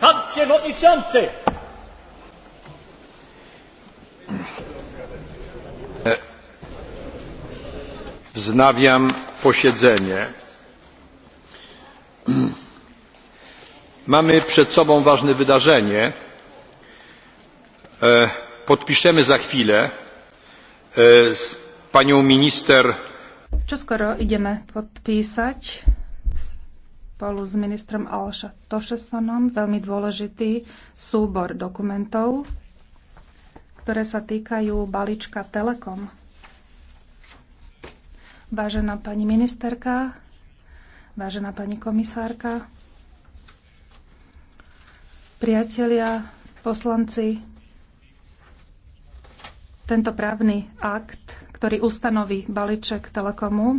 Pan no Przewodniczący! Wznawiam posiedzenie. Mamy przed sobą ważne wydarzenie. E, podpiszemy za chwilę e, z panią minister. Czy skoro idziemy podpisać? spolu s ministrom Alša Tošesonom veľmi dôležitý súbor dokumentov, ktoré sa týkajú balíčka Telekom. Vážená pani ministerka, vážená pani komisárka, priatelia, poslanci, tento právny akt, ktorý ustanoví balíček Telekomu,